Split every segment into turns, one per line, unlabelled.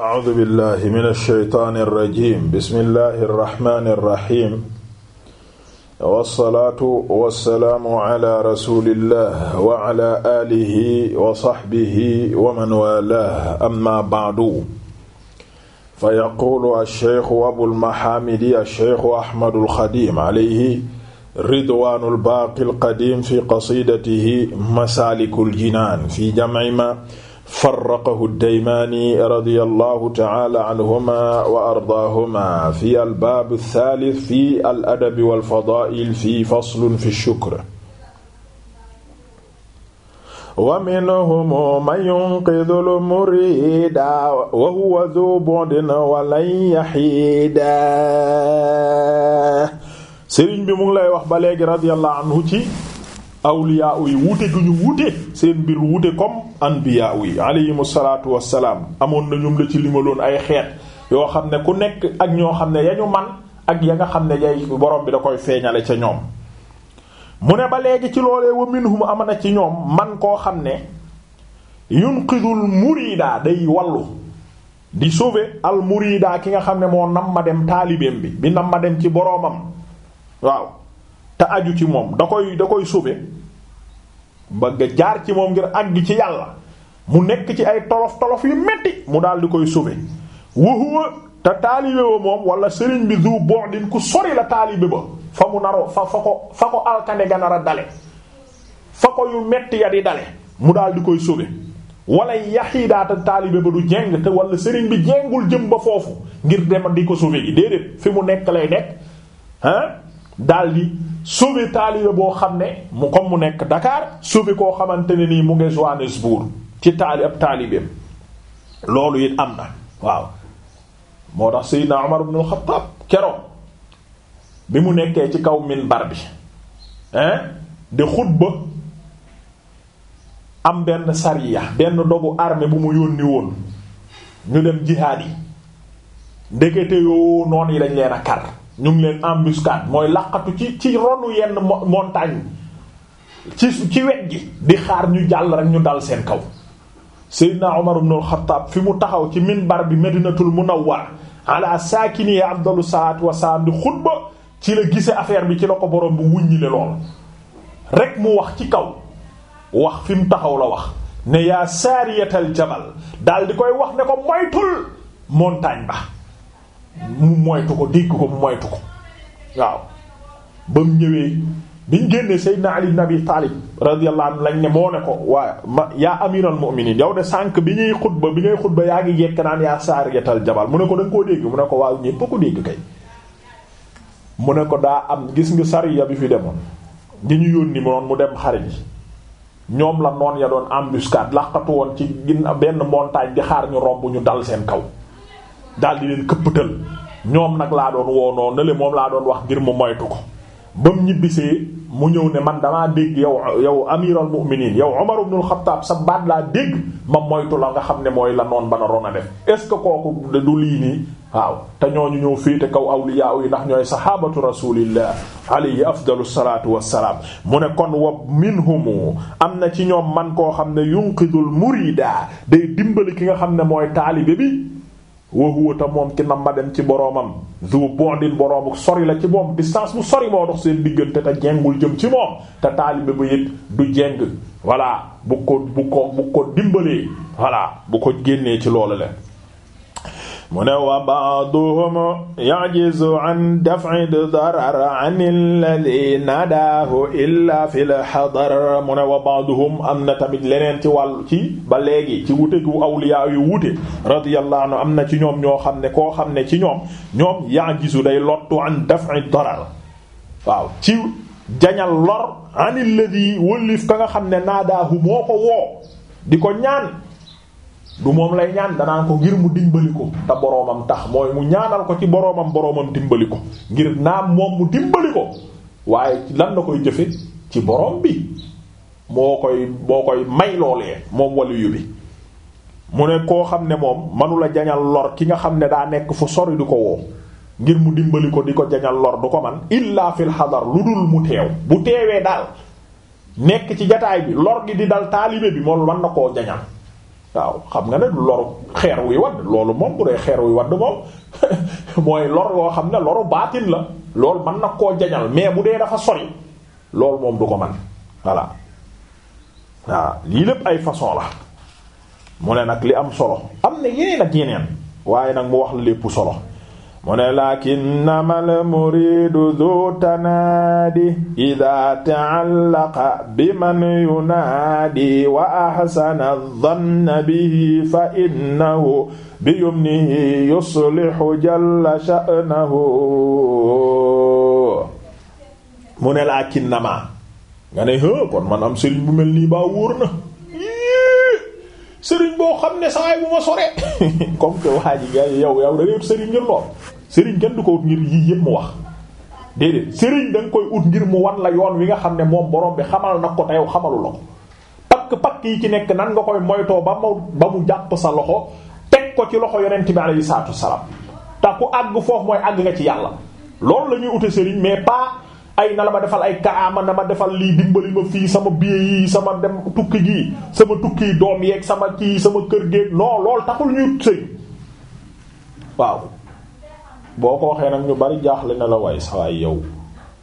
a'uuzu billahi mina shaytaani rajiim bismillahi rahmaani rahiim. wasalaatu wasalaamu ala rasulillah wa ala aalihi wa saxbihi wa man waalaahu amma ba'du. fa yaquulu asheeku abul maxaamidi asheeku ahmadul xadiim alayhi ridwaanul baaqil qadiim fi qasiidatihi masaalikul jinaan fi jamci ma. farraqahu daymaani radiyallahu ta'ala anhuma wa ardaahuma fi albaabu thaalith fi al adabi wal fadaa'il fi faslun fi shukr wa minhum man yunqidhu al-murida wa huwa dhu bu'din wa lan yahiida sëriñ bi mu ngi lay wax ba léegi radiyallahu anhu ci awliyaa yi wuute gu ñu wuute seen mbir wuute comme anbiyaa yi alayhimu salaatu wassalaam amoon na ñoom la ci limaloon ay xeet yoo xam ne ku nekk ak ñoo xam ne yañu man ak ya nga xam ne yay borom bi da koy feeñale ca ñoom mu ne ba léegi ci loolee wa minhum amana ci ñoom man koo xam ne yunqidul murida day wallu di sauver al murida ki nga xam ne moo nam ma dem taalibeem bi bi nam ma dem ci boroomam waaw te aju ci moom da koy da koy sauver ba nga jaar ci moom ngir àgg ci yàlla mu nekk ci ay tolof tolof yu metti mu daal di koy sauver wa huwa te taalibe ba moom wala sëriñ bi du bu'din ku sori la taalibe ba fa mu naroo fa fa ko fa ko alkande ga a dale fa ko yu metti ya di dale mu daal di koy sauver wala yaxiidaata taalibe ba du jeng te wala sëriñ bi jengul jëm ba foofu ngir dem di ko sauver yi déedéet fi mu nekk lay nekk daal di sauver boo xam ne mu comme mu nekk dakaar subi koo xamante ne nii mu ngi Johannesburg ci taali ab taalibeem loolu it am na waaw moo tax Seydina Umar ibn al-Khattab keroog bi mu nekkee ci kaw bar bi di xutba am benn sariya benn dogu armée bu mu yónni woon ñu dem jihaad yi ndekete yoo noonu yi dañ leen a kar ñu ngi leen en embuscade mooy làqatu ci ci ronu yenn montagne ci ci wet gi di xaar ñu jàll rek ñu dal seen kaw Seydina Umar ibn al-Khattab fi mu taxaw ci minbar bi Madinatul Munawwar ala saakini afdalu salaatu wasalaam di xutba ci la gise affaire bi ci la ko borom bu wuññile lool rek mu wax ci kaw wax fi mu taxaw la wax ne yaa saariyatal jabal dal di koy wax ne ko moytul montagne ba mu moytu ko dégg ko mu moytu ko waaw ba mu ñëwee biñ génnee Seydina Ali ibn Abi Taalib radiyallahu anhu lañ ne moo ne ko waa ma yaa amiral mu'minin yow de sànq bi ñuy xutba bi ngay xutba yaa ngi yekk naan yaa mu ne ko da nga koo dégg ko waaw ñépp ko dégg kay mu ne ko daa am gis nga sariya bi fi demoon di ñu yónni moon mu dem xare ji ñoom la noon ya doon embuscade laqatu woon ci gin benn montagne di xaar ñu romb ñu dal seen kaw daal di leen këppatal ñoom nag laa doon woo noo ne le moom laa doon wax ngir mu moytu ko ba mu ñibbisee mu ñëw ne man damaa dégg yow yow amiral mu'minin yow Umar ibn al-Khattab sa baat laa dégg ma moytu la nga xam ne mooy la noon ba naroon a def est ce que kooku du lii nii waaw te ñu ñëw fii féete kaw awliya yi ndax ñooy sahabatu rasulillah alayhi afdalu salatu wassalaam mu ne kon wa minhumu am na ci ñoom man koo xam ne yunqidul murida day dimbali ki nga xam ne mooy taalibe bi wa huwa moom ci nam ma dem ci boroomam zu bondin boroomu sori la ci moom distance bu sori moo dox seen diggante te jengul jëm ci moom te taalibe ba it du jeng voilà bu ko bu ko bu ko dimbalee voilà bu ko génnee ci loolu la mu ne wa ba'duhum ya'jizu an daf'i darar an alladhi nadaahu illa fil hadar mu ne wa ba'duhum am na tamit leneen ci wàll ci ba léegi ci wute gu awliya yu wute radiyallahu am na ci ñoom ñoo xam ne koo xam ne ci ñoom ñoom ya'jizu day lottu an daf'i darar waaw ci jañal lor an alladhi wëllif ka nga xam ne naadaahu boo ko woo di ko ñaan du moom lay ñaan danaan ko ngir mu dimbali ko te boroomam tax mooy mu ñaanal ko ci boroomam boroomam dimbali ko ngir naam moom mu dimbali ko waaye lan la koy jëfe ci boroom bi moo koy moo koy may loolee moom waliyu bi mu ne koo xam ne moom manula jañal lor ki nga xam ne daa nekk fu sori di ko woo ngir mu dimbali ko di ko jañal lor du ko man illa fil xadar lu dul mu teew bu teewee daal nekk ci jataay bi lor gi di dal taalibe bi moom mën na koo ja waaw xam nga ne loru xeer wuy wadd loolu moom bu dee xeer wuy wadd moom mooy lor loo xam ne loru baatin la lool man nag koo jañal mais bu dee dafa sori lool moom du ko man voilà waaw lii lépp ay façon la mu ne nag li am solo am na yeneen ak yeneen waaye nag mu wax la solo mu ne lakinnamal muridu du tanaadi ida taallaqa bi man yunaadi wa axsana danna bihi fa innahu bi yumnihi yuslihu jalla sha'nahu mu ne lakinnama nga ne hë kon man am sëriñ bu mel nii baa wóor na sëriñ boo xam ne saay bu ma soree comme que waa ji nga yow yow da ngay ut sëriñ ngir lool sëriñ kenn du ko ut ngir yii yëpp mu wax déedéet sëriñ da koy ut ngir mu wan la yoon wi nga xam ne moom boroom bi xamal na ko te yow xamalu la ko pakk pakk yi ci nekk nan nga koy moytoo ba mu ba mu jàpp sa loxo teg ko ci loxo yonent bi alayhi salaatu wa salaam te ku àgg foofu mooy àgg nga ci yàlla loolu la ñuy sëriñ mais pas ay na la ma defal ay kaama na ma defal lii dimbali ma fii sama biye yi sama dem tukki gi sama tukki doom yeeg sama kii sama kër géeg non loolu taxul ñu sëy waaw boo ko waxee nag ñu bari jaaxle na la waay sa yow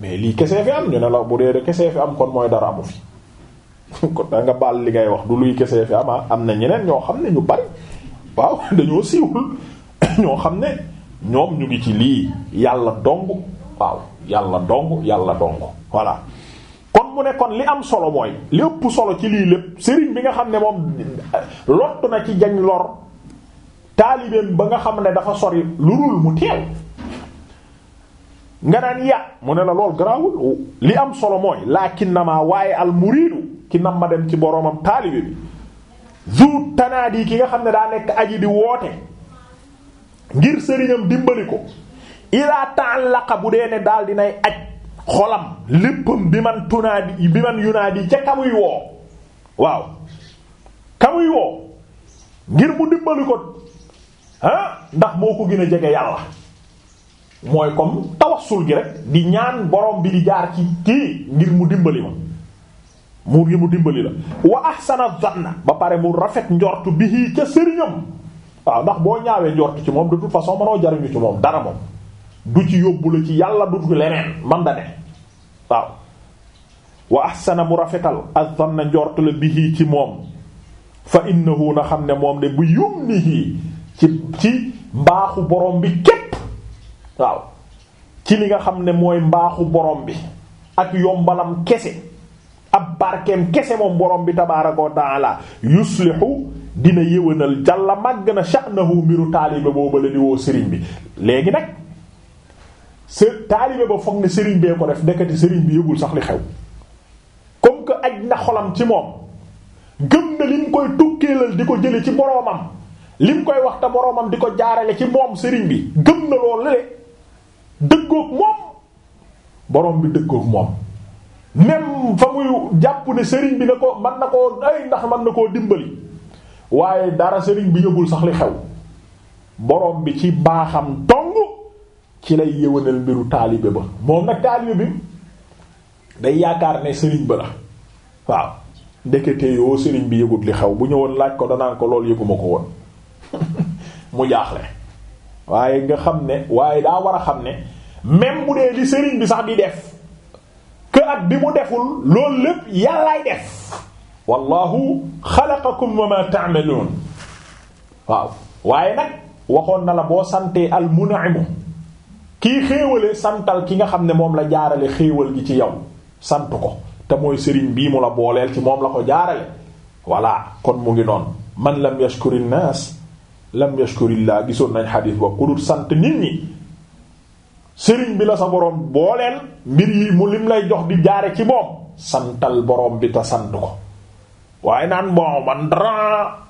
mais lii kese fi am ñu ne bu dee de kese fi am kon mooy dara amu fi kon da nga wax du luy kesee ah. am na ñeneen ñoo xam ne ñu bari waaw dañoo siiwul ñoo xam ne ñoom ñu ngi ci lii yàlla dong waaw yàlla dong yàlla dong voilà kon mu ne kon li am solo mooy li ëpp solo ci lii lépp sëriñ bi nga xam ne moom eh, lott na ci jañ lor taalibeem ba nga xam ne dafa sori lu dul mu teew nga naan ya mu ne la lool garaawul li am solo mooy laakin na maa waaye al muriidu ki nam ma dem ci boroomam taalibe bi zu tanaadi ki nga xam ne daa nekk yi di woote ngir sëriñam dimbali ko ila ta'allaqa bu dee ne daal dinay aj xolam léppam bi man tunaadi bi man yunaadi ca kamuy woo waaw kamuy woo ngir mu dimbali ko ah ndax moo ko gën a jege yàlla mooy comme tawassul gi rek di ñaan borom bi di jaar ci kii ngir mu dimbali ma mu ngir mu dimbali la wa ahsana zanna ba pare mu rafet njortu bi ca sëriñam waaw ndax boo ñaawee njortu ci moom de toute façon mënoo jariñu ci moom dara moom du ci yóbbu la ci yàlla du ci leneen man da ne waaw wa ahsana mu rafetal azzanna njort la bihi ci moom fa innahu na xam ne moom de bu yumnihi ci ci mbaaxu borom bi képp waaw ci li nga xam ne mooy mbaaxu borom bi ak yombalam kese ab barkeem kese moom borom bi tabaaraka wa taala yuslihu dina yëwënal jàlla màgg na sha'nahu mbiru taalibe boobale la woo sëriñ bi léegi nag se taalibe ba foog ne sëriñ bee ko def ndekete sëriñ bi yëgul sax li xew comme que aj na xolam ci moom gëm na li mu koy tukkeelal di ko jële ci boroomam li mu koy wax te boroomam di ko jaarale ci moom sëriñ bi gëm na loolu le dëggoog moom boroom bi dëggoog moom même fa muy jàpp ne sëriñ bi na ko mën na ko ay ndax mën na koo dimbali waaye dara sëriñ bi yëgul sax li xew boroom bi ci baaxam tong ci lay yéwénal mbiru taalibe ba moom nag taalibe bi day yaakaar ne sëriñ ba la waaw ndekete yoo sëriñ bi yëgut li xew bu ñëwoon laaj ko danaan ko loolu yëguma ko woon mu jaaxle waaye nga xam ne waaye daa war a xam ne même mu dee li sëriñ bi sax di def que ak bi mu deful loolu lépp yàllaay def wallahu xalaqakum wa ma ta'malun waaw waaye nag waxoon na la boo santee al mun'imu kii xéewale santal ki nga xam ne moom la jaarale xéewal gi ci yow sant ko te mooy sëriñ bii mu la booleel ci moom la ko jaarale voilà kon mu ngi noonu man lam yashkuri naas lam yashkurillah gisoon nañ xadiis boobu ku dul sant nit ñi sëriñ bi la sa boroom booleel mbir yi mu lim lay jox di jaare ci moom santal boroom bi te sant ko waaye naan bon man dara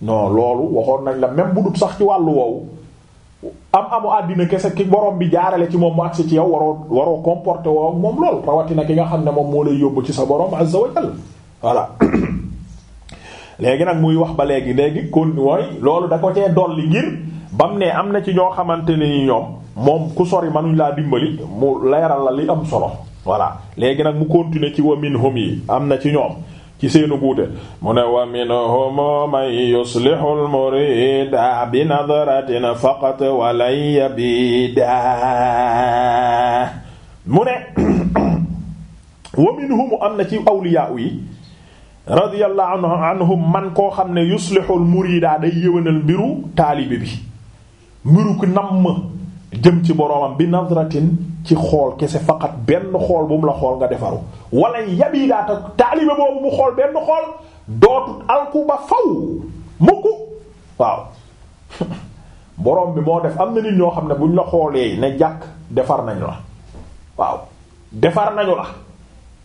non loolu waxoon nañ la même bu dul sax ci wàllu woowu am amu àddina kese ki borom bi jaarale ci moom mu agsi ci yow waroo waroo comporté woo moom lool rawatina ki nga xam ne moom moo lay yóbbu ci sa borom azza wa voilà léegi nag muy wax ba léegi léegi kon mooy loolu da ko cee dolli ngir bam ne am na ci ñoo xamante ne ni moom ku sori manuñ laa dimbali mu leeral la li am solo voilà léegi nag mu continuer ci wa minhum yi am na ci ñoom ci seenu guute mu ne wa minhum man yuslihu al-murida bi nadratin faqat wa lan yabida mu ne wa minhum am na ci awliya yi radiyallahu anhum man koo xam ne yuslihu al-murida day yëwénal mbiru taalibe bi mbiru ku namm jëm ci boroomam bi nadratin ci xool kese faqat benn xool bu mu la xool nga defaru walla yabi daata taalibe boobu mu xool benn xool dootut alku ba faw mukk waaw boroom bi moo def am na nit ñoo xam ne bu ñu la xoolee ne jàkk defar nañu la waaw defar nañu la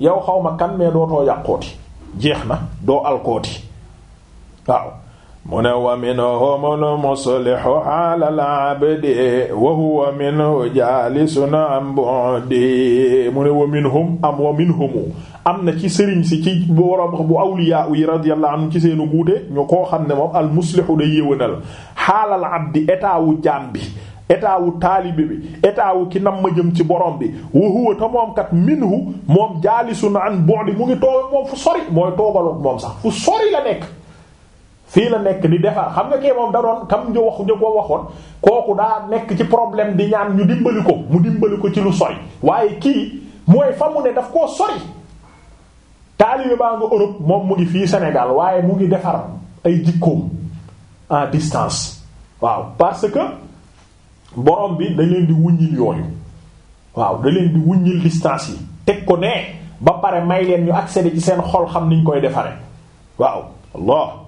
yow xaw ma kan mais dootoo yàqooti jeex na doo alkooti waaw mu ne wa minhum lmuslihu xaala labdi wa huwa minhu jaalisun am bu'di mu ne wa minhum am wa minhumu am na ci sëriñ si ci borom bu awliyaa yi radiyallahu anhu ci seenu guute ñu koo xam ne moom almuslihu day yéwénal xaalal abdi état wu jaam bi état wu taalibe bi état wu ki nama jëm ci borom bi wa huwa te kat minhu moom jaalisun an bu'di mu ngi toog moom fu sori mooy toogaloo moom sax fu sori la nekk fii la nekk di defar xam nga kee moom da doon kam ñu wax ñu ko waxoon kooku daa nekk ci problème di ñaan ñu dimbali ko mu dimbali ko ci lu sori waaye kii mooy famu mu ne daf koo sori taalibe baa nga Europe moom mu ngi fii senegal waaye mu ngi defar ay jikkoom en distance waaw parce que borom bi da leen di wuññil yooyu waaw da leen di wuññil distance yi teg ko ne ba pare may leen ñu accéder ci seen xol xam niñ koy defaree waaw Allah